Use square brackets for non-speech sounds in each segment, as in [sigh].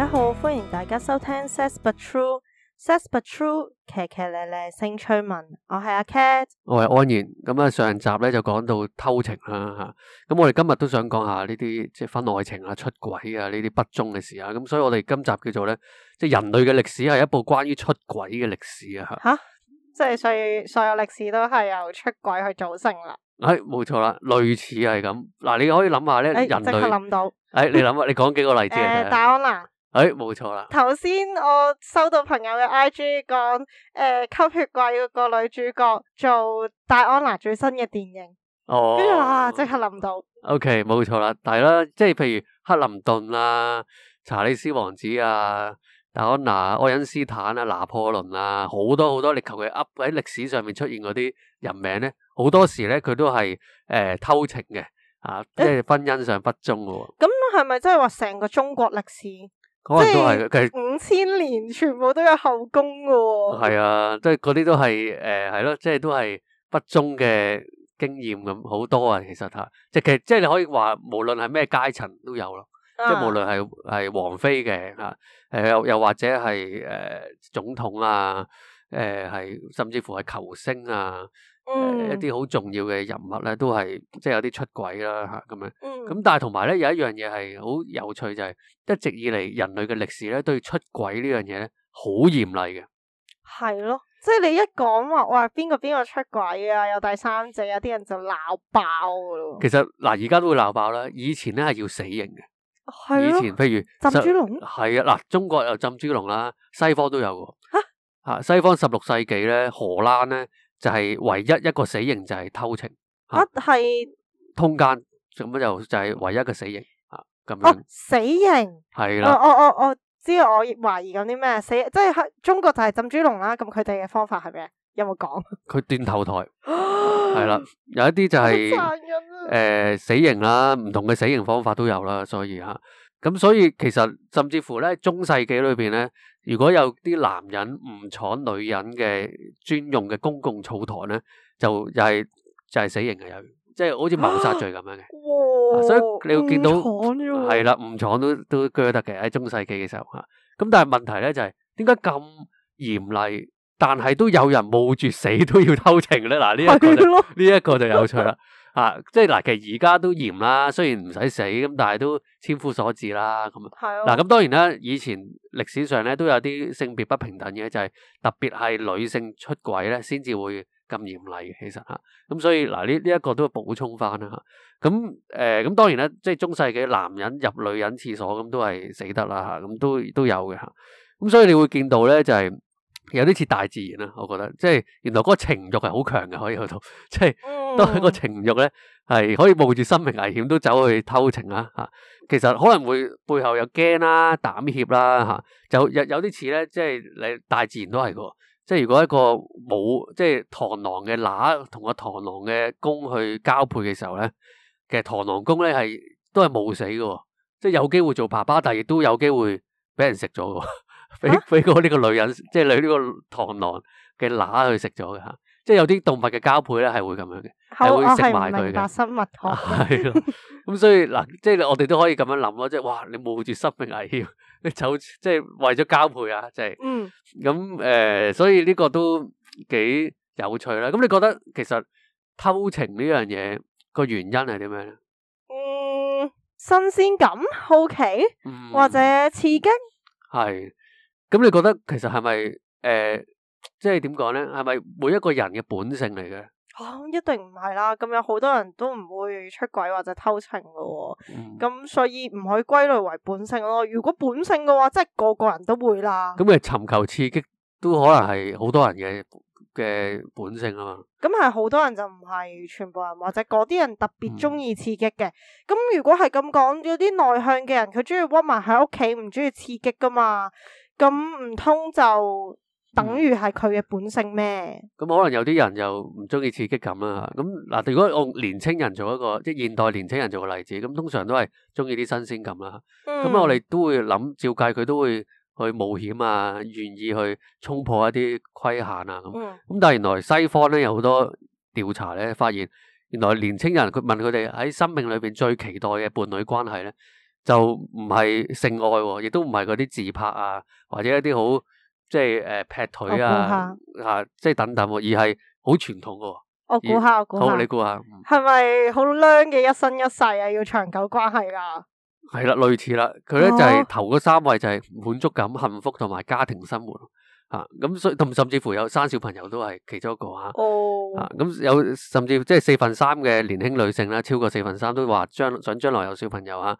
大家好，歡迎大家收聽 Says But True，Says But True 騎騎靚靚聲吹文。我係阿 Cat，我係安然。咁啊，上集咧就講到偷情啦吓。咁、啊啊嗯、我哋今日都想講下呢啲即係婚外情啊、出軌啊呢啲不忠嘅事啊。咁、嗯、所以我哋今集叫做咧，即係人類嘅歷史係一部關於出軌嘅歷史啊吓、啊。即係所有所有歷史都係由出軌去組成啦。誒、哎，冇錯啦，類似係咁。嗱、啊，你可以諗下咧，人類諗、哎、到。誒、哎，你諗下，你講幾個例子啊？戴安娜。誒，冇錯啦。頭先我收到朋友嘅 I G 講，誒、呃、吸血鬼嗰個女主角做戴安娜最新嘅電影，哦，跟住後啊即刻諗到。O K，冇錯啦，但係啦，即係譬如克林頓啦、啊、查理斯王子啊、戴安娜、愛因斯坦啊、拿破崙啊，好多好多你求其 up 喺歷史上面出現嗰啲人名咧，好多時咧佢都係誒、呃、偷情嘅，吓即係婚姻上不忠嘅。咁係咪即係話成個中國歷史？嗰個都係，其實五千年全部都有後宮嘅喎。係啊，即係嗰啲都係誒係咯，即係都係不忠嘅經驗咁好多啊。其實嚇，即係其實即係你可以話，無論係咩階層都有咯，啊、即係無論係係王妃嘅嚇，誒、呃、又又或者係誒、呃、總統啊，誒、呃、係甚至乎係球星啊。一啲好重要嘅人物咧，都係即係有啲出軌啦嚇咁樣。咁但係同埋咧有一樣嘢係好有趣，就係一直以嚟人類嘅歷史咧，對出軌呢樣嘢咧好嚴厲嘅。係咯，即係你一講話哇邊個邊個出軌啊，有第三者，有啲人就鬧爆噶咯。其實嗱，而家都會鬧爆啦。以前咧係要死刑嘅。係咯。以前譬如浸豬籠。係啊，嗱，中國有浸豬籠啦，西方都有喎。嚇！西方十六世紀咧，荷蘭咧。就係唯一一個死刑就係偷情，吓、啊？係通姦，咁樣就就係、係唯一嘅死刑啊，咁樣、哦、死刑係啦，哦哦哦、我我我知我懷疑咁啲咩死，即係中國就係浸豬籠啦，咁佢哋嘅方法係咩？有冇講？佢斷頭台係 [laughs] 啦，有一啲就係、是，誒、啊呃、死刑啦，唔同嘅死刑方法都有啦，所以吓。啊咁、嗯、所以其實甚至乎咧，中世紀裏邊咧，如果有啲男人誤闖女人嘅專用嘅公共澡堂咧，就又係就係、是就是、死刑嘅，有即係好似謀殺罪咁樣嘅哇、啊。所以你會見到係啦，誤、啊、闖都都鋸得嘅喺中世紀嘅時候嚇。咁、嗯、但係問題咧就係點解咁嚴厲，但係都有人冒住死都要偷情咧？嗱、啊，呢、這、一個呢一的個就有趣啦。啊，即係嗱，其實而家都嚴啦，雖然唔使死咁，但係都千夫所指啦，咁。嗱、哦，咁、啊、當然啦，以前歷史上咧都有啲性別不平等嘅，就係、是、特別係女性出軌咧先至會咁嚴厲。其實吓，咁、啊、所以嗱呢呢一個都補充翻啦。咁、啊、誒，咁、啊呃、當然咧，即係中世紀男人入女人廁所咁、啊、都係死得啦吓，咁、啊、都都有嘅。咁、啊、所以你會見到咧就係、是。有啲似大自然啦、啊，我覺得，即係原來嗰個情慾係好強嘅，可以去到，即係都係個情慾咧，係可以冒住生命危險都走去偷情啊。嚇。其實可能會背後有驚啦、啊、膽怯啦、啊、嚇、啊，有有有啲似咧，即係你大自然都係個，即係如果一個冇，即係螳螂嘅乸同個螳螂嘅公去交配嘅時候咧，其實螳螂公咧係都係冇死嘅喎，即係有機會做爸爸，但係亦都有機會俾人食咗嘅。俾俾個呢個女人，啊、即係你呢個螳螂嘅乸去食咗嘅吓，即係有啲動物嘅交配咧係會咁樣嘅，係好會食埋佢嘅。咁、 [laughs] 嗯、所以嗱，即係我哋都可以咁樣諗咯，即係哇，你冒住生命危險，你就即係為咗交配啊，即係。咁誒、嗯嗯呃，所以呢個都幾有趣啦。咁你覺得其實偷情呢樣嘢個原因係點樣咧？嗯，新鮮感、好奇或者刺激係。嗯咁你覺得其實係咪誒，即係點講咧？係咪每一個人嘅本性嚟嘅？吓、啊，一定唔係啦。咁有好多人都唔會出軌或者偷情咯、哦。咁、嗯、所以唔可以歸類為本性咯、哦。如果本性嘅話，即係個個人都會啦。咁你尋求刺激都可能係好多人嘅嘅本性啊嘛。咁係好多人就唔係全部人，或者嗰啲人特別中意刺激嘅。咁、嗯、如果係咁講，有啲內向嘅人，佢中意屈埋喺屋企，唔中意刺激噶嘛。咁唔通就等於係佢嘅本性咩？咁、嗯、可能有啲人又唔中意刺激感啦、啊。咁、嗯、嗱，嗯、如果我年青人做一個即係現代年青人做個例子，咁通常都係中意啲新鮮感啦。咁我哋都會諗，照計佢都會去冒險啊，願意去衝破一啲規限啊。咁咁、嗯嗯嗯嗯嗯、但係原來西方咧有好多調查咧，發現原來年青人佢問佢哋喺生命裏邊最期待嘅伴侶關係咧，就唔係性愛、哦，亦都唔係嗰啲自拍啊，或者一啲好即係誒、呃、劈腿啊吓，即係、啊就是、等等、哦，而係好傳統嘅、哦。我估下，而我估下，好你估下，係咪好娘嘅一生一世啊？要長久關係噶、啊，係啦，類似啦。佢咧就係、是哦、頭個三位就係滿足感、幸福同埋家庭生活吓。咁所以同甚至乎有生小朋友都係其中一個吓。啊、哦，咁有甚至即係四分三嘅年輕女性啦，超過四分三都話將想將來有小朋友吓。啊啊啊。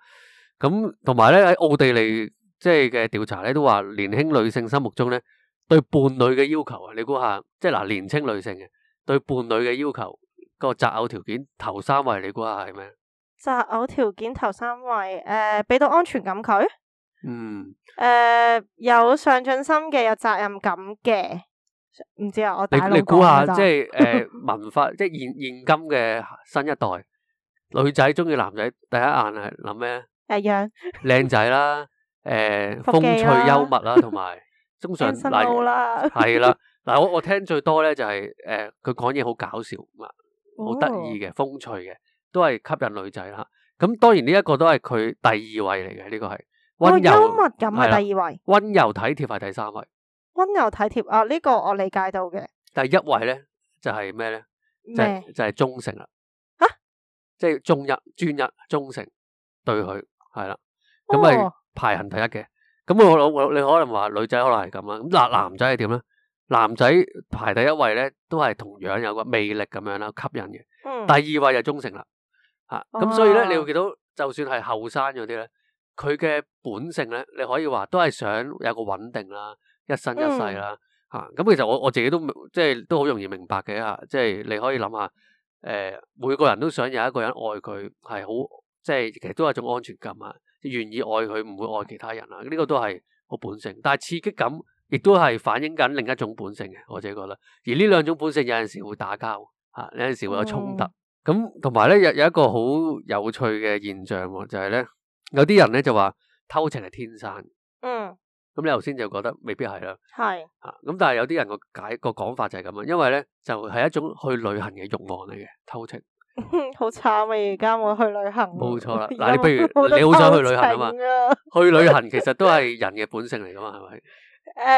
咁同埋咧喺奧地利即係嘅調查咧，都話年輕女性心目中咧對伴侶嘅要求啊，你估下，即係嗱年輕女性嘅對伴侶嘅要求、個擇偶條件頭三位，你估下係咩？擇偶條件頭三位，誒，俾到安全感，佢，嗯，誒、呃，有上進心嘅，有責任感嘅，唔知啊，我哋。你估下，即係誒，文化即係、就是、現現今嘅新一代 [laughs] 女仔中意男仔第一眼係諗咩？誒樣靚仔啦，誒、啊欸、風趣幽默、啊、 [laughs] 路 [laughs] 啦，同埋中上嗱係啦嗱我我聽最多咧就係誒佢講嘢好搞笑啊，好得意嘅風趣嘅，都係吸引女仔啦。咁當然呢一個都係佢第二位嚟嘅，呢個係溫柔幽默感係第二位，溫、這個柔，哦、柔體貼係第三位，溫柔體貼啊呢、這個我理解到嘅。第一位咧就係咩咧？就是、呢就係、是就是就是、忠誠啦，吓即係中一專一忠誠對佢。係啦，咁咪排行第一嘅。咁我我你可能話女仔可能係咁啦，咁嗱男仔係點咧？男仔排第一位咧，都係同樣有個魅力咁樣啦，吸引嘅。第二位就忠誠啦，吓咁、嗯啊、所以咧，你會見到就算係後生嗰啲咧，佢嘅本性咧，你可以話都係想有個穩定啦，一生一世啦，吓咁、嗯。啊、其實我我自己都即係都好容易明白嘅吓，即係你可以諗下，誒、呃，每個人都想有一個人愛佢，係好。即係其實都係一種安全感，啊，願意愛佢唔會愛其他人啊！呢、呢個都係個本性，但係刺激感亦都係反映緊另一種本性嘅，我自己覺得。而呢兩種本性有陣時會打交，吓有陣時會有衝突。咁同埋咧有有一個好有趣嘅現象喎，就係、係、咧有啲人咧就話偷情係天生，嗯，咁你頭先就覺得未必係啦，係吓咁，但係有啲人個解個講法就係咁啊，因為咧就係一種去旅行嘅慾望嚟嘅偷情。好慘啊！而家冇去旅行，冇錯啦。嗱、啊，你不如你好想去旅行啊嘛？ [laughs] 去旅行其實都係人嘅本性嚟㗎嘛，係咪？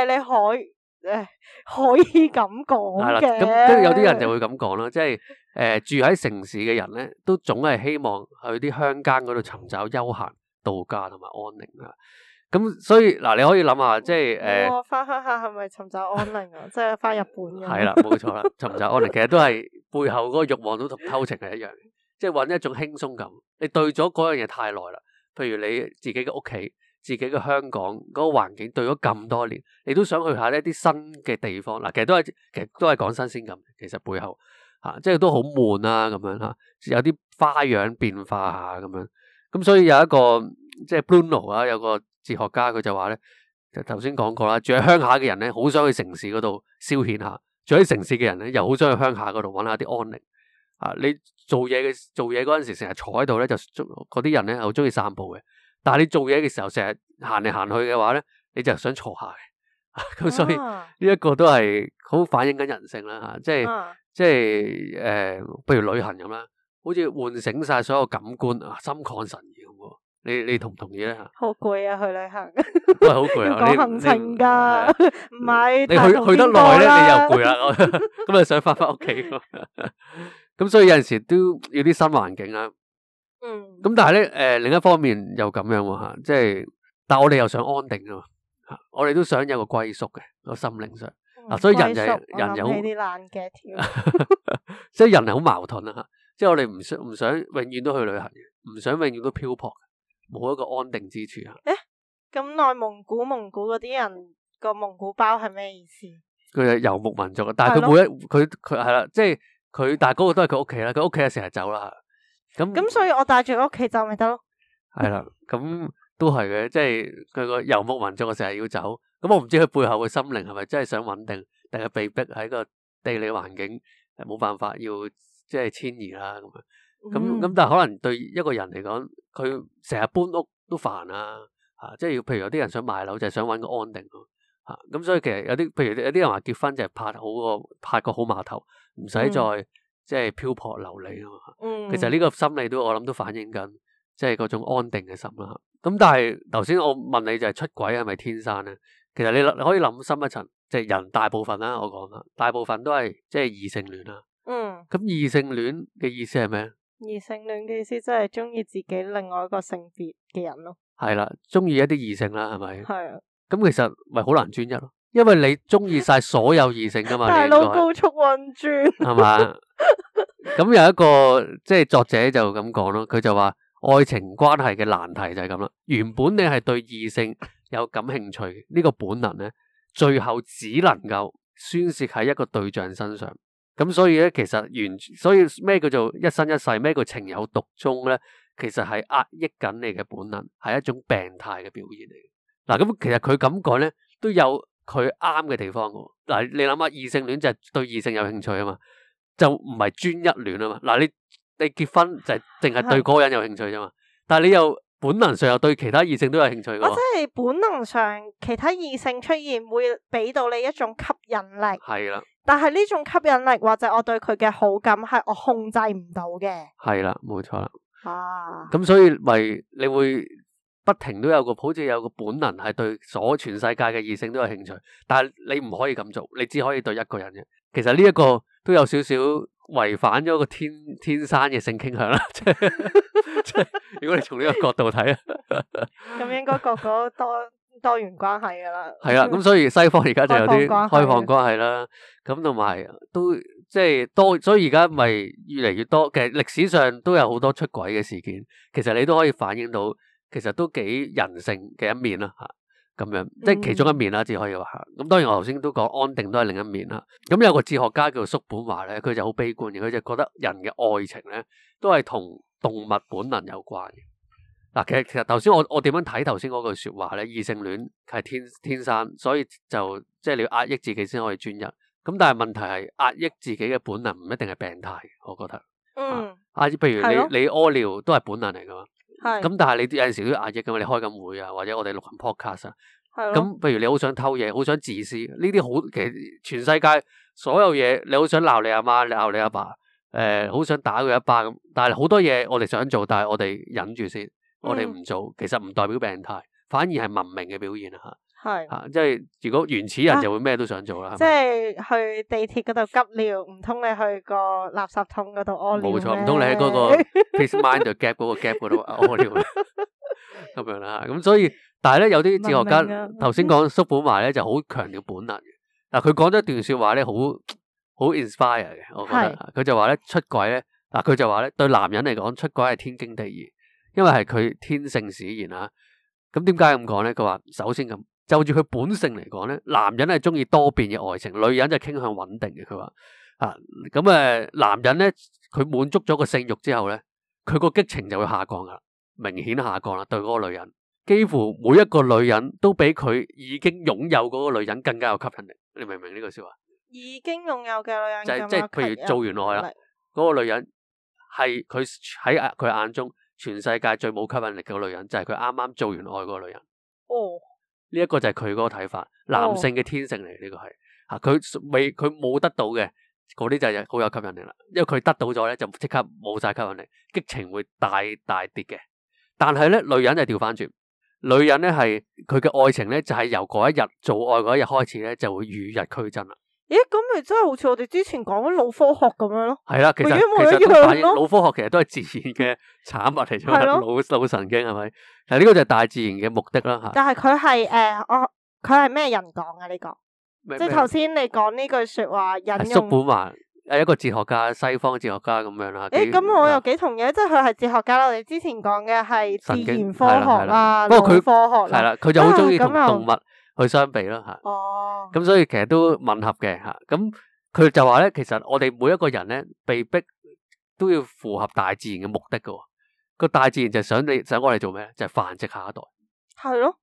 誒，你可誒可以咁講？係啦，咁都有啲人就會咁講啦，即係誒住喺城市嘅人咧，都總係希望去啲鄉間嗰度尋找休閒、度假同埋安寧啊。咁所以嗱，你可以諗下、欸嗯，即係誒，翻、呃、鄉、欸哦、下係咪尋找安寧啊？ [laughs] 即係翻日本係 [laughs] 啦，冇錯啦，尋找安寧其實都係。背後嗰個欲望都同偷情係一樣嘅，即係揾一種輕鬆感。你對咗嗰樣嘢太耐啦，譬如你自己嘅屋企、自己嘅香港嗰個環境對咗咁多年，你都想去下呢一啲新嘅地方。嗱，其實都係其實都係講新鮮感。其實背後吓，即係都好悶啦，咁樣吓，有啲花樣變化下咁樣。咁所以有一個即係 Bruno 啦，有個哲學家佢就話咧，就頭先講過啦，住喺鄉下嘅人咧，好想去城市嗰度消遣下。住喺城市嘅人咧，又好想去鄉下嗰度揾下啲安寧。啊，你做嘢嘅做嘢嗰陣時，成日坐喺度咧，就中嗰啲人咧好鍾意散步嘅。但係你做嘢嘅時候，成日行嚟行去嘅話咧，你就想坐下嘅。咁、啊、所以呢一個都係好反映緊人性啦，吓、啊，即係即係誒，不、就是呃、如旅行咁啦，好似喚醒晒所有感官啊，心曠神怡。你你同唔同意咧？吓，好攰啊！去旅行，唔講行程噶，唔係你去去得耐咧，你又攰啦。咁你想翻翻屋企。咁所以有陣時都要啲新環境啊。嗯。咁但係咧，誒，另一方面又咁樣喎吓，即係，但係我哋又想安定啊嘛，我哋都想有個歸宿嘅個心靈上。啊，所以人就人有好啲懶嘅添，所以人係好矛盾啊吓。即係我哋唔想唔想永遠都去旅行嘅，唔想永遠都漂泊。冇一個安定之處啊！誒，咁內蒙古蒙古嗰啲人個蒙古包係咩意思？佢係遊牧民族啊，但係佢每一佢佢係啦，即係佢大哥嗰都係佢屋企啦，佢屋企係成日走啦。咁咁，所以我帶住佢屋企走咪得咯？係啦，咁都係嘅，即係佢個遊牧民族成日要走，咁我唔知佢背後嘅心靈係咪真係想穩定，定係被逼喺個地理環境冇辦法要即係遷移啦咁樣。咁咁，嗯、但係可能對一個人嚟講，佢成日搬屋都煩啊，吓、啊，即係譬如有啲人想賣樓，就係想搵個安定咯、啊，吓、啊。咁、啊、所以其實有啲譬如有啲人話結婚就係拍好個拍個好碼頭，唔使再即係漂泊流離啊。嗯、其實呢個心理都我諗都反映緊，即係嗰種安定嘅心啦、啊。咁、啊、但係頭先我問你就係出軌係咪天生咧？其實你你可以諗深一層，即、就、係、係、人大部分啦、啊，我講啦，大部分都係即係異性戀啦、啊。嗯。咁異性戀嘅意思係咩？異性戀嘅意思即係中意自己另外一個性別嘅人咯，係啦，中意一啲異性啦，係咪？係啊的，咁其實咪好難專一咯，因為你中意晒所有異性噶嘛， [laughs] 大佬高速運轉，係 [laughs] 嘛？咁有一個即係、就是、作者就咁講咯，佢就話愛情關係嘅難題就係咁啦。原本你係對異性有感興趣呢、呢個本能咧，最後只能夠宣泄喺一個對象身上。咁、嗯、所以咧，其實完，所以咩叫做一生一世，咩叫情有獨鍾咧？其實係壓抑緊你嘅本能，係一種病態嘅表現嚟嘅。嗱、啊，咁其實佢咁講咧，都有佢啱嘅地方嘅。嗱、啊，你諗下，異性戀就係對異性有興趣啊嘛，就唔係專一戀啊嘛。嗱、啊，你你結婚就淨係對嗰個人有興趣啫嘛，的但係你又本能上又對其他異性都有興趣嘅。即係本能上，其他異性出現會俾到你一種吸引力。係啦。但係呢種吸引力或者我對佢嘅好感係我控制唔到嘅。係啦，冇錯啦。啊，咁所以咪你會不停都有個好似有個本能係對所全世界嘅異性都有興趣，但係你唔可以咁做，你只可以對一個人嘅。其實呢一個都有少少違反咗個天天生嘅性傾向啦，即係，如果你從呢個角度睇，咁、 [laughs] 嗯、應該個個都。多元關係噶啦，係啦，嗯，咁所以西方而家就有啲開放關係啦，咁同埋都即係多，所以而家咪越嚟越多。其實歷史上都有好多出軌嘅事件，其實你都可以反映到，其實都幾人性嘅一面啦，吓咁樣，即係其中一面啦，只可以話。咁，嗯、當然我頭先都講安定都係另一面啦。咁有個哲學家叫叔本華咧，佢就好悲觀嘅，佢就覺得人嘅愛情咧都係同動物本能有關嘅。嗱，其實其實頭先我我點樣睇頭先嗰句說話咧？異性戀係天天生，所以就即係、就是、你要壓抑自己先可以專一。咁但係問題係壓抑自己嘅本能唔一定係病態，我覺得。嗯，壓抑，譬、啊、如你的你屙尿都係本能嚟噶嘛？係的。咁但係你有陣時都要壓抑噶嘛？你開緊會啊，或者我哋錄緊 podcast 啊。係的。咁，譬如你好想偷嘢，好想自私，呢啲好其實全世界所有嘢，你好想鬧你阿媽，你鬧你阿爸，誒、呃，好想打佢一巴咁。但係好多嘢我哋想做，但係我哋忍住先。我哋唔做，其實唔代表病態，反而係文明嘅表現吓，係吓是，即係如果原始人就會咩都想做啦。啊、吧即係去地鐵嗰度急尿，唔通你去個垃圾桶嗰度屙尿？冇錯，唔通你喺嗰、那個 Please mind 度夾嗰個 gap 嗰度屙尿咁樣啦，咁所以，但係咧有啲哲學家頭先講叔本華咧就好強調本能嘅。嗱，佢講咗一段說話咧，好好 inspire 嘅。我覺得佢的就話咧出軌咧，嗱佢就話咧對男人嚟講出軌係天經地義。因為係佢天性使然啊！咁點解咁講咧？佢話首先咁就住佢本性嚟講咧，男人係中意多變嘅愛情，女人就傾向穩定嘅。佢話啊，咁、嗯、誒，男人咧，佢滿足咗個性欲之後咧，佢個激情就會下降噶啦，明顯下降啦。對嗰個女人，幾乎每一個女人都比佢已經擁有嗰個女人更加有吸引力。你明唔明呢個說話？已經擁有嘅女人，就是、即係譬如的做完愛啦，嗰的個女人係佢喺佢眼中。全世界最冇吸引力嘅女人就係佢啱啱做完愛嗰個女人。哦，呢一個就係佢嗰個睇法，男性嘅天性嚟，呢、這個係啊，佢未佢冇得到嘅嗰啲就係好有吸引力啦，因為佢得到咗咧就即刻冇晒吸引力，激情會大大跌嘅。但係咧，女人就調翻轉，女人咧係佢嘅愛情咧就係、是、由嗰一日做愛嗰一日開始咧就會與日俱增啦。咦，咁咪真係好似我哋之前講啲腦科學咁樣咯？係啦，其實其實都反映腦科學其實都係自然嘅產物嚟，就係腦腦神經係咪？嗱，呢個就係大自然嘅目的啦吓。但係佢係誒，我佢係咩人講啊？呢個即係頭先你講呢句說話，人叔本華誒，一個哲學家，西方哲學家咁樣啦。誒，咁我又幾同意，即係佢係哲學家啦。我哋之前講嘅係自然科學啦，不過佢科學係啦，佢就好中意同動物。去相比咯吓，咁、oh. 嗯、所以其實都吻合嘅吓，咁、嗯、佢就話咧，其實我哋每一個人咧被逼都要符合大自然嘅目的噶、哦，個大自然就係想你，想我哋做咩就係、是、繁殖下一代。係咯、oh. 嗯，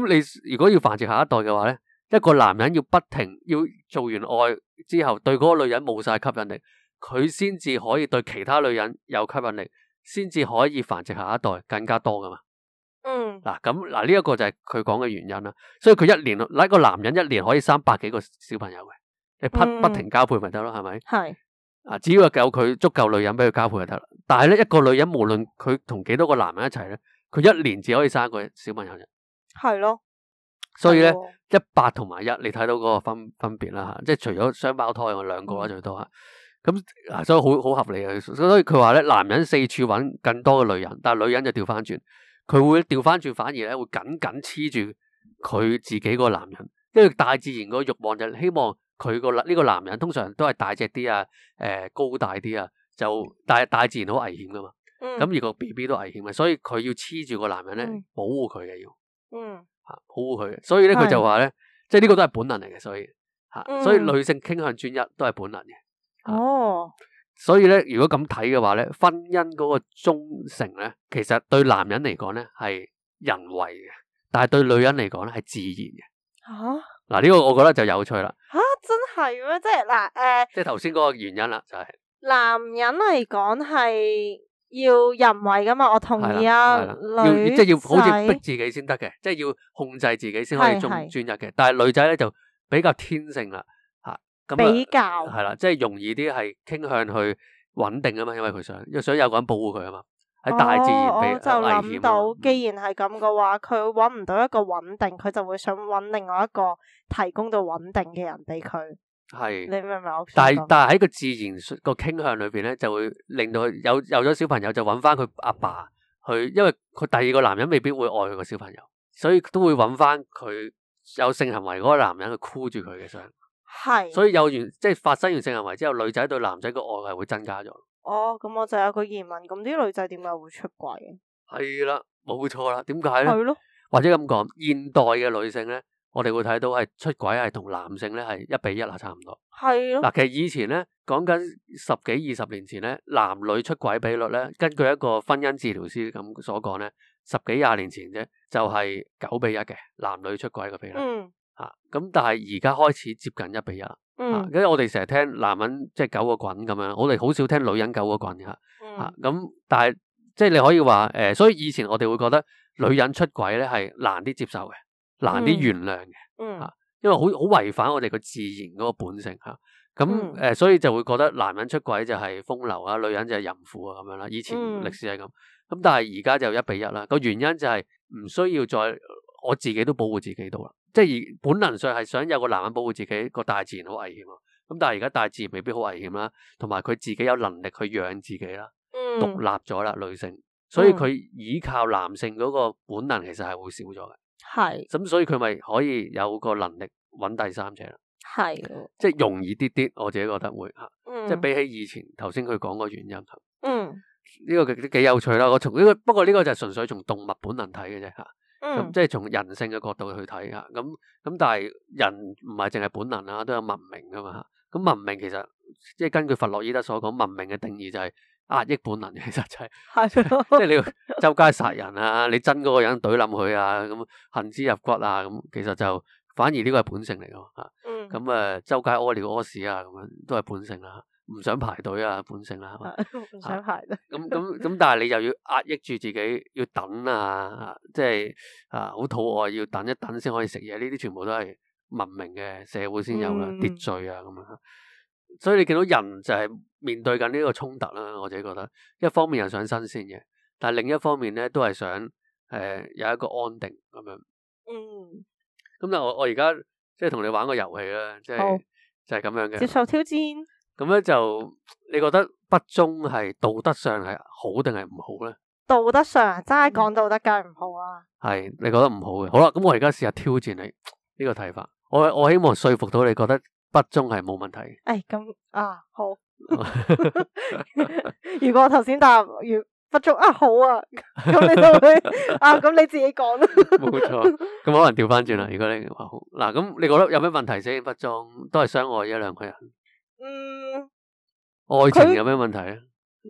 咁你如果要繁殖下一代嘅話咧，一個男人要不停要做完愛之後，對嗰個女人冇晒吸引力，佢先至可以對其他女人有吸引力，先至可以繁殖下一代更加多噶嘛。嗯，嗱咁，嗱，呢一個就係佢講嘅原因啦，所以佢一年，嗱一個男人一年可以生百幾個小朋友嘅，你不不停交配咪得咯，係咪？係，啊只要夠佢足夠女人俾佢交配就得啦。但係咧一個女人無論佢同幾多個男人一齊咧，佢一年只可以生一個小朋友咋，係咯。所以咧一百同埋一，你睇到嗰個分分別啦吓，即係除咗雙胞胎我兩個啦最多啊，咁啊所以好好合理啊，所以佢話咧男人四處搵更多嘅女人，但係女人就調翻轉。佢會調翻轉，反而咧會緊緊黐住佢自己個男人，因為大自然個慾望就希望佢個呢個男人通常都係大隻啲啊，誒、欸、高大啲啊，就大大自然好危險噶嘛，咁、嗯、而個 B B 都危險啊，所以佢要黐住個男人咧、嗯、保護佢嘅要，吓保護佢，所以咧佢就話咧，嗯、即係呢個都係本能嚟嘅，所以吓，嗯、所以女性傾向專一都係本能嘅。哦。所以咧，如果咁睇嘅話咧，婚姻嗰個忠誠咧，其實對男人嚟講咧係人為嘅，但係對女人嚟講咧係自然嘅。吓，嗱呢個我覺得就有趣啦。吓，真係咩？即係嗱，誒，即係頭先嗰個原因啦，就係男人嚟講係要人為噶嘛，我同意啊。女即係要好似逼自己先得嘅，即係要控制自己先可以專一嘅。但係女仔咧就比較天性啦。比較係啦，即係容易啲，係傾向去穩定啊嘛，因為佢想，因為想有個人保護佢啊嘛。喺大自然俾危、哦、我就諗到，既然係咁嘅話，佢搵唔到一個穩定，佢就會想搵另外一個提供到穩定嘅人俾佢。係是你明唔明？但係但係喺個自然個傾向裏邊咧，就會令到佢有有咗小朋友就搵翻佢阿爸去，因為佢第二個男人未必會愛佢個小朋友，所以都會搵翻佢有性行為嗰個男人去箍住佢嘅相。係，是所以有完即係發生完性行為之後，女仔對男仔個愛係會增加咗。哦，咁、嗯、我就有個疑問，咁啲女仔點解會出軌？係啦，冇錯啦，點解咧？係咯的，或者咁講，現代嘅女性咧，我哋會睇到係出軌係同男性咧係一比一啊，差唔多。係咯的，嗱，其實以前咧，講緊十幾二十年前咧，男女出軌比率咧，根據一個婚姻治療師咁所講咧，十幾廿年前啫，就係九比一嘅男女出軌嘅比率。嗯。吓咁，但係而家開始接近一比一。嗯，因為我哋成日聽男人即係九個滾咁樣，我哋好少聽女人九個滾嘅吓。吓咁、嗯，但係即係你可以話誒、呃，所以以前我哋會覺得女人出軌咧係難啲接受嘅，難啲原諒嘅、嗯。嗯，吓因為好好違反我哋個自然嗰個本性吓。咁、啊、誒、嗯嗯呃，所以就會覺得男人出軌就係風流啊，女人就係淫婦啊咁樣啦。以前歷史係咁，咁、嗯、但係而家就一比一啦。個原因就係唔需要再我自己都保護自己度啦。即係而本能上係想有個男人保護自己個，大自然好危險啊！咁但係而家大自然未必好危險啦，同埋佢自己有能力去養自己啦，獨、嗯、立咗啦，女性，所以佢依靠男性嗰個本能其實係會少咗嘅。係咁、嗯，所以佢咪可以有個能力揾第三者啦。係的，即係容易啲啲，我自己覺得會吓，嗯、即係比起以前頭先佢講個原因。嗯，呢個幾幾有趣啦。我從呢個不過呢個就係純粹從動物本能睇嘅啫吓。咁、嗯、即係從人性嘅角度去睇啊，咁咁但係人唔係淨係本能啦，都有文明噶嘛，咁文明其實即係根據弗洛伊德所講，文明嘅定義就係壓抑本能，其實就係、是， [laughs] 即係你要周街殺人啊，你憎嗰個人懟冧佢啊，咁恨之入骨啊，咁其實就反而呢個係本性嚟噶嘛，咁啊、嗯嗯嗯、周街屙尿屙屎啊，咁樣都係本性啦。唔想排隊啊，本性啦、啊，係嘛？唔想排隊。咁咁咁，但係你又要壓抑住自己要等啊，啊即係啊好肚餓要等一等先可以食嘢，呢啲全部都係文明嘅社會先有啦，嗯、秩序啊咁樣、啊。所以你見到人就係面對緊呢個衝突啦、啊，我自己覺得，一方面又想新鮮嘅，但係另一方面咧都係想誒、呃、有一個安定咁樣。是是嗯。咁但係我我而家即係同你玩個遊戲啦、啊，即係好就係咁樣嘅。接受挑戰。咁咧，就你覺得不忠係道德上係好定係唔好咧？道德上真係講道德梗係唔好啊！係你覺得唔好嘅。好啦，咁我而家試下挑戰你呢、這個睇法。我我希望說服到你覺得不忠係冇問題。誒、哎，咁啊好 [laughs] [laughs] 如。如果我頭先答如不忠啊好啊，咁你到會啊咁你自己講啦。冇 [laughs] 錯。咁可能調翻轉啦。如果你話好嗱，咁你覺得有咩問題先？不忠都係傷害一兩個人。嗯，愛情有咩問題啊？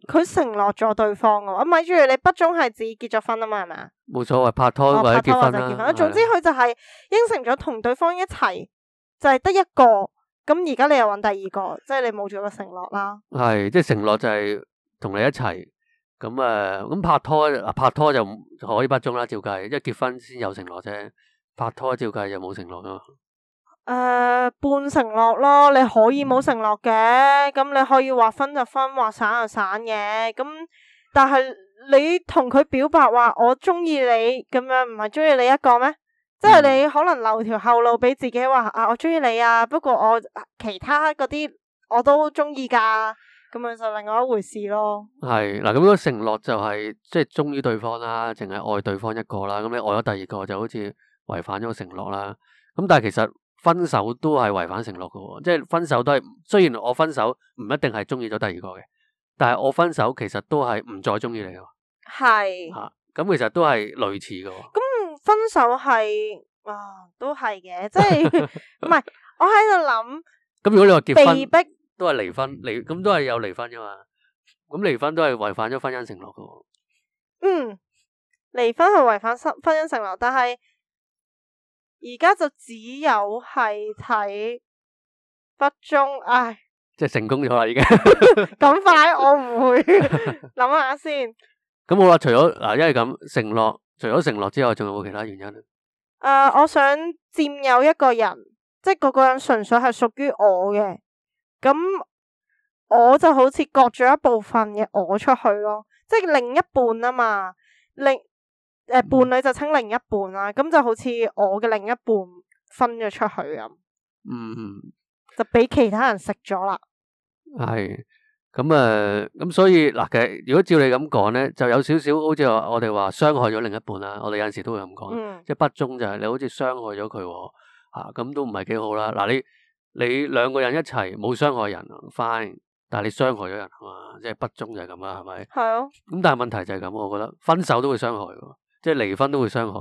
佢承諾咗對方噶，咪住你不忠係指結咗婚啊嘛，係咪啊？冇所謂，拍拖或者結婚、哦、結婚。係，總之佢就係應承咗同對方一齊，就係得一個。咁而家你又揾第二個，即係你冇咗個承諾啦。係，即係承諾就係同你一齊。咁啊，咁拍拖，拍拖就可以不忠啦？照計，一結婚先有承諾啫。拍拖照計就冇承諾噶嘛。誒、呃，半承諾咯，你可以冇承諾嘅，咁、嗯、你可以話分就分，話散就散嘅。咁、嗯、但係你同佢表白話我中意你，咁樣唔係中意你一個咩？即係你可能留條後路俾自己話啊，我中意你啊，不過我其他嗰啲我都中意噶，咁樣就另外一回事咯。係嗱、就是，咁個承諾就係即係中意對方啦，淨係愛對方一個啦。咁你愛咗第二個，就好似違反咗個承諾啦。咁但係其實。分手都係違反承諾嘅，即係分手都係，雖然我分手唔一定係中意咗第二個嘅，但係我分手其實都係唔再中意你咯。係吓是，咁、啊、其實都係類似嘅。咁分手係啊，都係嘅，即係唔係我喺度諗。咁 [laughs] 如果你話結婚被迫都係離婚離，咁都係有離婚嘅嘛？咁離婚都係違反咗婚姻承諾嘅。嗯，離婚係違反婚婚姻承諾，但係。而家就只有係睇不忠，唉，即係成功咗啦，已經咁快，我唔會諗下先。咁 [laughs] 好啦，除咗嗱，因為咁承諾，除咗承諾之外，仲有冇其他原因？誒、呃，我想佔有一個人，即係嗰個人純粹係屬於我嘅，咁我就好似割咗一部分嘅我出去咯，即係另一半啊嘛，另。誒，伴侶就稱另一半啦，咁就好似我嘅另一半分咗出去咁，嗯哼，嗯，就俾其他人食咗啦。係，嗯、咁，嗯、誒，咁所以嗱嘅，如果照你咁講咧，就有少少好似我我哋話傷害咗另一半啦。我哋有陣時都會咁講，嗯、即係不忠就係、是、你好似傷害咗佢吓，咁都唔係幾好啦。嗱、啊，你你兩個人一齊冇傷害人，Fine，但係你傷害咗人係嘛，即、就、係、是、不忠就係咁啦，係咪？係啊。咁但係問題就係咁，我覺得分手都會傷害。即係離婚都會傷害，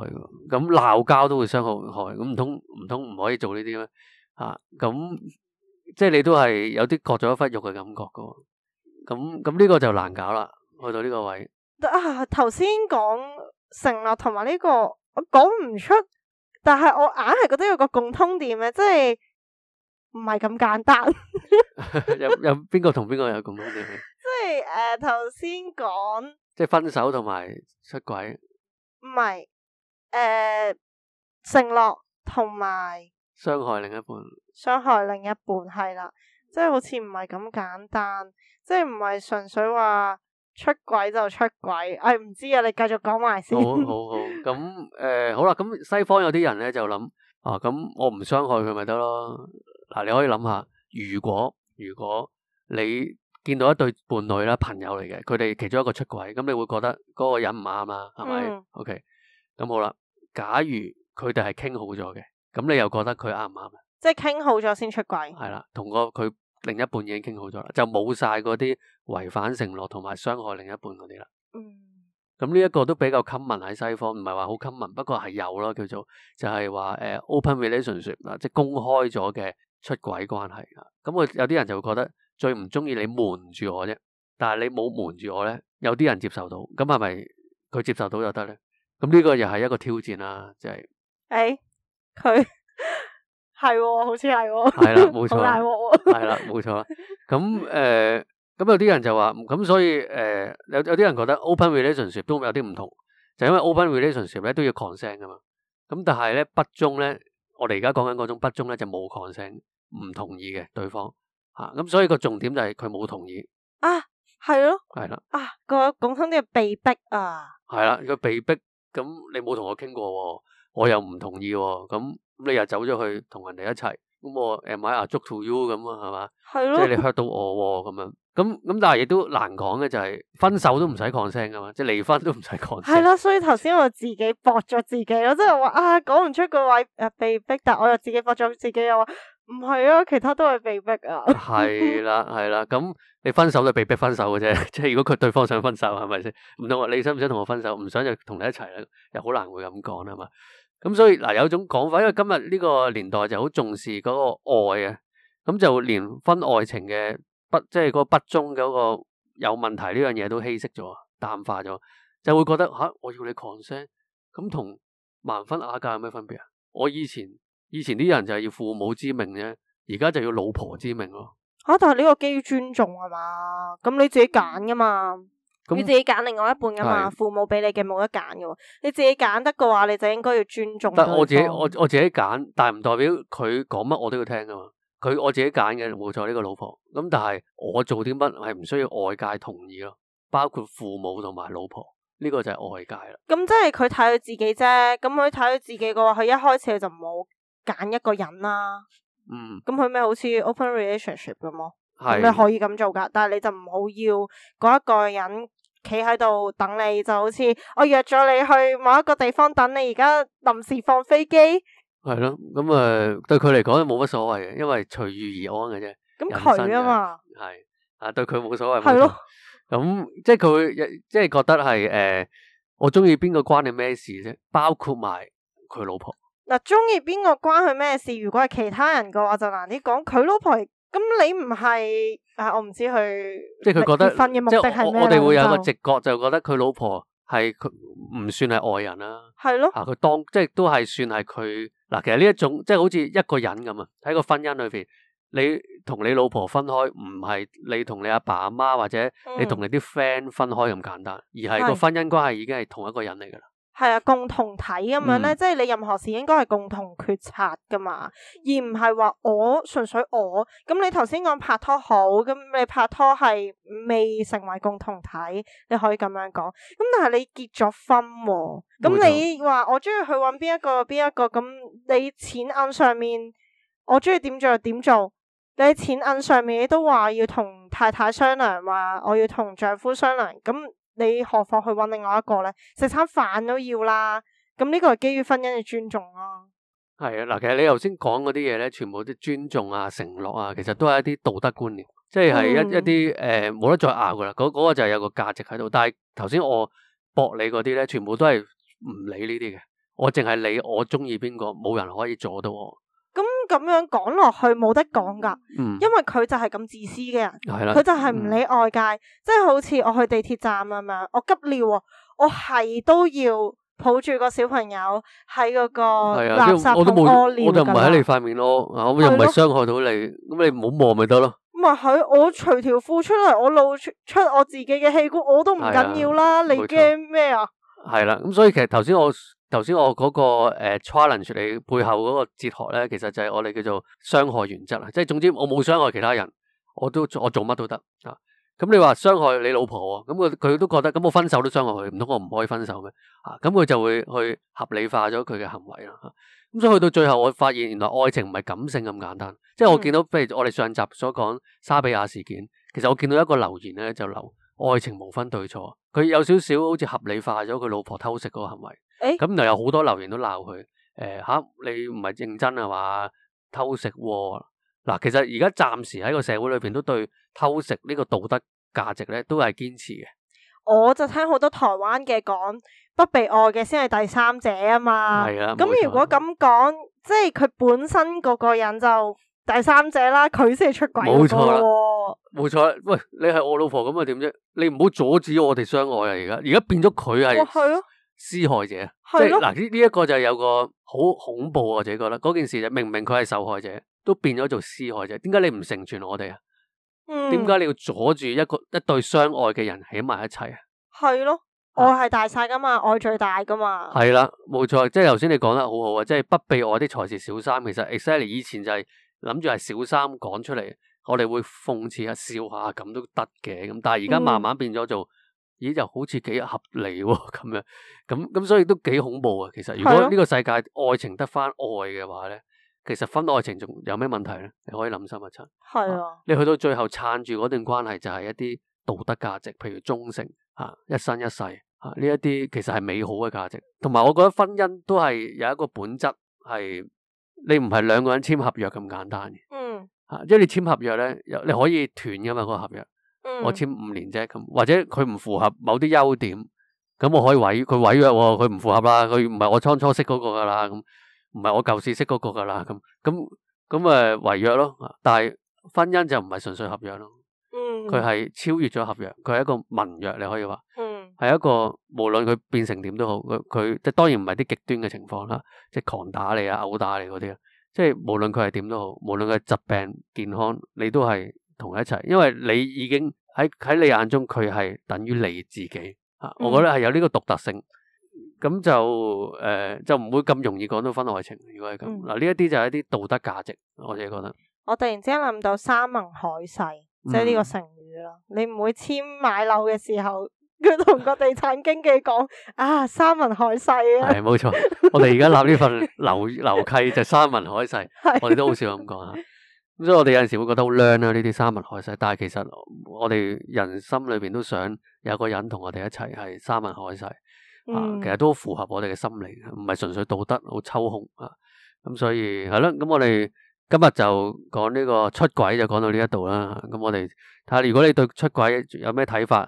咁鬧交都會傷害，咁唔通唔通唔可以做呢啲咩？啊，咁即係你都係有啲割咗一忽肉嘅感覺噶，咁咁呢個就難搞啦。去到呢個位啊，頭先講承諾同埋呢個，我講唔出，但係我硬係覺得有個共通點咧，即係唔係咁簡單。 [laughs] [laughs] 有有邊個同邊個有共通點？即係誒，頭先講即係分手同埋出軌。唔係，誒、呃、承諾同埋傷害另一半，傷害另一半係啦，即係、就是、好似唔係咁簡單，即係唔係純粹話出軌就出軌，唉、哎，唔知啊，你繼續講埋先。好好好，咁誒好啦，咁、呃、西方有啲人咧就諗，啊咁我唔傷害佢咪得咯？嗱、啊，你可以諗下，如果如果你見到一對伴侶啦，朋友嚟嘅，佢哋其中一個出軌，咁你會覺得嗰個人唔啱啦，係咪？OK. 咁好啦，假如佢哋係傾好咗嘅，咁你又覺得佢啱唔啱啊？即係傾好咗先出軌。係啦，同個佢另一半已經傾好咗啦，就冇晒嗰啲違反承諾同埋傷害另一半嗰啲啦。嗯。咁呢一個都比較 common 喺西方，唔係話好 common，不過係有咯，叫做就係話誒 open relationship 啊，即係公開咗嘅出軌關係啊。咁我有啲人就會覺得。最唔中意你瞞住我啫，但係你冇瞞住我咧，有啲人接受到，咁係咪佢接受到就得咧？咁呢個又係一個挑戰啦，即、就、係、是。誒、欸，佢係好似係，係啦，冇錯，好大鑊喎，係啦，冇 [laughs] 錯。咁誒， [laughs] [laughs] 咁、呃、有啲人就話，咁所以誒、呃，有有啲人覺得 open relationship 都有啲唔同，就是、因為 open relationship 咧都要 consent 噶嘛，咁但係咧不忠咧，我哋而家講緊嗰種不忠呢 cent，不忠咧就冇 consent 唔同意嘅對方。啊，咁所以個重點就係佢冇同意啊，係咯，啊，係啦，啊，個講真啲被逼，啊，係啦，個被逼，咁你冇同我傾過，我又唔同意，咁、嗯、咁你又走咗去同人哋一齊，咁、嗯、我 Am I a joke to you 咁啊，係嘛？係咯，即係你 hurt 到我咁樣，咁、嗯、咁、嗯、但係亦都難講嘅就係分手都唔使講聲噶嘛，即係離婚都唔使講。係咯，所以頭先我自己駁咗自己，我即係話啊，講唔出個話誒、啊、被逼，但係我又自己駁咗自己又話。我唔係啊，其他都係被逼啊。 [laughs] 係啦，係啦。咁你分手就被逼分手嘅啫。即係如果佢對方想分手，係咪先？唔通話，你想唔想同我分手？唔想就同你一齊啦。又好難會咁講啦嘛。咁所以嗱，有種講法，因為今日呢個年代就好重視嗰個愛啊。咁就連婚外情嘅不，即係嗰個不忠嗰個有問題呢樣嘢都稀釋咗、淡化咗，就會覺得吓、啊，我要你狂聲咁同盲婚啞嫁有咩分別啊？我以前。以前啲人就係要父母之命啫，而家就要老婆之命咯。吓、啊，但係呢個基於尊重係嘛？咁你自己揀噶嘛？你自己揀另外一半噶嘛？父母俾你嘅冇得揀噶，你自己揀得嘅話，你就應該要尊重。但我自己我我自己揀，但係唔代表佢講乜我都要聽噶嘛？佢我自己揀嘅，冇錯呢個老婆。咁但係我做啲乜係唔需要外界同意咯？包括父母同埋老婆，呢、呢個就係外界啦。咁、嗯、即係佢睇佢自己啫。咁佢睇佢自己嘅話，佢一開始就冇。揀一個人啦、啊，嗯，咁佢咪好似 open relationship 咁咯，咪係可以咁做噶？但係你就唔好要嗰一個人企喺度等你，就好似我約咗你去某一個地方等你，而家臨時放飛機係咯，咁啊、呃、對佢嚟講都冇乜所謂嘅，因為隨遇而安嘅啫。咁佢啊嘛係啊，對佢冇所謂係咯。咁，的即係佢即係覺得係誒、呃，我中意邊個關你咩事啫？包括埋佢老婆。嗱，中意邊個關佢咩事？如果係其他人嘅話就難啲講。佢老婆，咁你唔係，啊，我唔知佢。即係佢覺得分嘅目的係咩啊？我哋會有一個直覺，就覺得佢老婆係唔算係外人啦。係咯，啊，佢當即係都係算係佢。嗱，其實呢一種即係好似一個人咁啊，喺個婚姻裏邊，你同你老婆分開，唔係你同你阿爸阿媽或者你同你啲 friend 分開咁簡單，嗯、而係個婚姻關係已經係同一個人嚟噶啦。係啊，共同體咁樣咧，嗯、即係你任何事應該係共同決策噶嘛，而唔係話我純粹我。咁你頭先講拍拖好，咁你拍拖係未成為共同體，你可以咁樣講。咁但係你結咗婚，啊，咁沒錯 你話我中意去搵邊一個邊一個，咁你錢銀上面我中意點做就點做，你錢銀上面你都話要同太太商量，話我要同丈夫商量，咁。你何妨去揾另外一個咧？食餐飯都要啦，咁呢個係基於婚姻嘅尊重咯。係啊，嗱，其實你頭先講嗰啲嘢咧，全部都尊重啊、承諾啊，其實都係一啲道德觀念，即係一一啲誒，冇、呃、得再拗噶啦。嗰、那、嗰個就係有個價值喺度。但係頭先我駁你嗰啲咧，全部都係唔理呢啲嘅。我淨係理我中意邊個，冇人可以阻到我。咁樣講落去冇得講噶，因為佢就係咁自私嘅人，佢、嗯、就係唔理外界，嗯、即係好似我去地鐵站咁樣，我急尿啊，我係都要抱住個小朋友喺嗰個垃圾桶屙尿噶，我就唔喺你塊面咯，我又唔係傷害到你，咁的你唔好望咪得咯。唔係，我除條褲出嚟，我露出我自己嘅器官，我都唔緊要啦。的你驚咩啊？係啦，咁所以其實頭先我。頭先我嗰、那個誒、uh, challenge 你背後嗰個哲學咧，其實就係我哋叫做傷害原則啦。即係總之我冇傷害其他人，我都我做乜都得啊。咁、嗯、你話傷害你老婆咁佢佢都覺得咁、嗯、我分手都傷害佢，唔通我唔可以分手咩？啊，咁、嗯、佢就會去合理化咗佢嘅行為啦。咁、啊嗯、所以去到最後，我發現原來愛情唔係感性咁簡單。即係我見到、嗯、譬如我哋上集所講沙比亞事件，其實我見到一個留言咧就留。愛情無分對錯，佢有少少好似合理化咗佢老婆偷食嗰個行為。咁又、欸、有好多留言都鬧佢，誒、欸，吓你唔係認真係嘛？偷食嗱，啊，其實而家暫時喺個社會裏邊都對偷食呢個道德價值咧都係堅持嘅。我就聽好多台灣嘅講，不被愛嘅先係第三者啊嘛。咁、啊、如果咁講，即係佢本身嗰個人就第三者啦，佢先係出軌嗰個。冇錯，喂，你係我老婆咁啊？點啫？你唔好阻止我哋相愛啊！而家而家變咗佢係施害者，即係嗱呢呢一個就係有個好恐怖啊！自己覺得嗰件事就係、明明佢係受害者，都變咗做施害者。點解你唔成全我哋啊？點解、嗯、你要阻住一個一對相愛嘅人喺埋一齊啊？係咯，愛係大晒噶嘛，愛最大噶嘛。係啦，冇錯，即係頭先你講得好好啊！即係不被愛的才是小三，其實 exactly 以前就係諗住係小三講出嚟。我哋會諷刺啊，笑一下咁都得嘅，咁，但係而家慢慢變咗做，嗯、咦就好似幾合理咁樣咁咁，所以都幾恐怖啊！其實如果呢個世界是、啊、愛情得翻愛嘅話咧，其實婚愛情仲有咩問題咧？你可以諗深一層。係是啊，啊，你去到最後撐住嗰段關係就係一啲道德價值，譬如忠誠啊、一生一世啊呢一啲，其實係美好嘅價值。同埋，我覺得婚姻都係有一個本質係你唔係兩個人簽合約咁簡單嘅。嗯吓，因為你簽合約咧，又你可以斷噶嘛，個合約，嗯、我簽五年啫，咁或者佢唔符合某啲優點，咁我可以違，佢違約喎、哦，佢唔符合啦，佢唔係我初初識嗰個噶啦，咁唔係我舊時識嗰個噶啦，咁咁咁咪，違約咯，但係婚姻就唔係純粹合約咯，嗯，佢係超越咗合約，佢係一個盟約，你可以話，嗯，係一個無論佢變成點都好，佢佢，即當然唔係啲極端嘅情況啦，即係狂打你啊，毆打你嗰啲啊。即係無論佢係點都好，無論佢係疾病健康，你都係同佢一齊，因為你已經喺喺你眼中佢係等於你自己嚇，嗯、我覺得係有呢個獨特性，咁就誒、呃、就唔會咁容易講到婚外情。如果係咁嗱，呢、嗯、一啲就係一啲道德價值，我自己覺得。我突然之間諗到山盟海誓，即係呢個成語咯。嗯、你唔會簽買樓嘅時候。佢同個地產經紀講啊，山盟海誓啊，係冇錯。我哋而家立呢份樓樓 [laughs] 契就山盟海誓， [laughs] 我哋都好少咁講啊。咁 [laughs] 所以我哋有陣時會覺得好娘啦，呢啲山盟海誓。但係其實我哋人心裏邊都想有個人同我哋一齊係山盟海誓，嗯、啊。其實都符合我哋嘅心理，唔係純粹道德好抽空啊。咁所以係咯，咁我哋今日就講呢個出軌就講到呢一度啦。咁我哋睇下，如果你對出軌有咩睇法？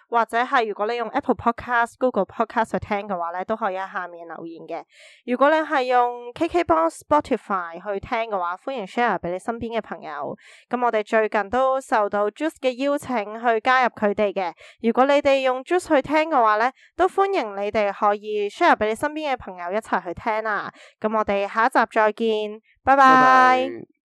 或者係如果你用 Apple Podcast、Google Podcast 去聽嘅話咧，都可以喺下面留言嘅。如果你係用 KKBox Spotify 去聽嘅話，歡迎 share 俾你身邊嘅朋友。咁我哋最近都受到 Juice 嘅邀請去加入佢哋嘅。如果你哋用 Juice 去聽嘅話咧，都歡迎你哋可以 share 俾你身邊嘅朋友一齊去聽啦。咁我哋下一集再見，拜拜。Bye bye.